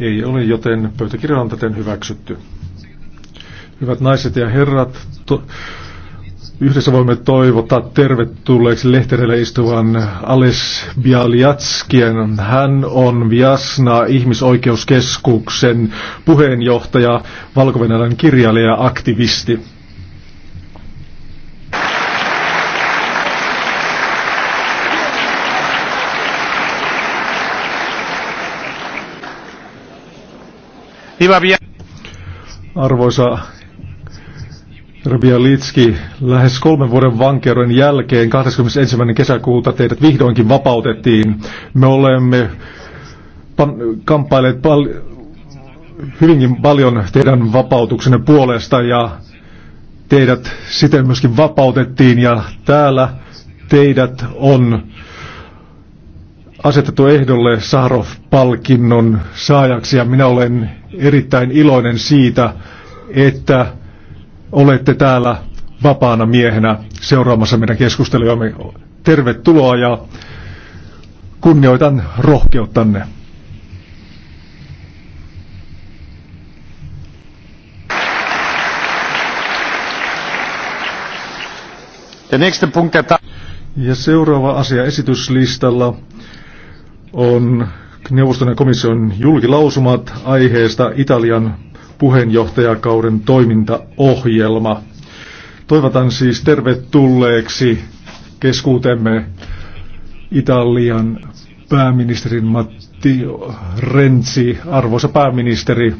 Ei ole, joten pöytäkirja on täten hyväksytty. Hyvät naiset ja herrat, to- yhdessä voimme toivottaa tervetulleeksi lehterelle istuvan Ales Bialjatskin. Hän on Viasna ihmisoikeuskeskuksen puheenjohtaja, valko kirjailija ja aktivisti. Hyvä vielä. Arvoisa Rabia Litski, lähes kolmen vuoden vankeuden jälkeen 21. kesäkuuta teidät vihdoinkin vapautettiin. Me olemme pan- kamppailleet pal- hyvinkin paljon teidän vapautuksenne puolesta ja teidät siten myöskin vapautettiin ja täällä teidät on asetettu ehdolle Saharov-palkinnon saajaksi ja minä olen erittäin iloinen siitä, että olette täällä vapaana miehenä seuraamassa meidän keskustelujamme. Tervetuloa ja kunnioitan rohkeuttanne. Ja seuraava asia esityslistalla on neuvoston ja komission julkilausumat aiheesta Italian puheenjohtajakauden toimintaohjelma. Toivotan siis tervetulleeksi keskuutemme Italian pääministerin Matti Renzi. Arvoisa pääministeri,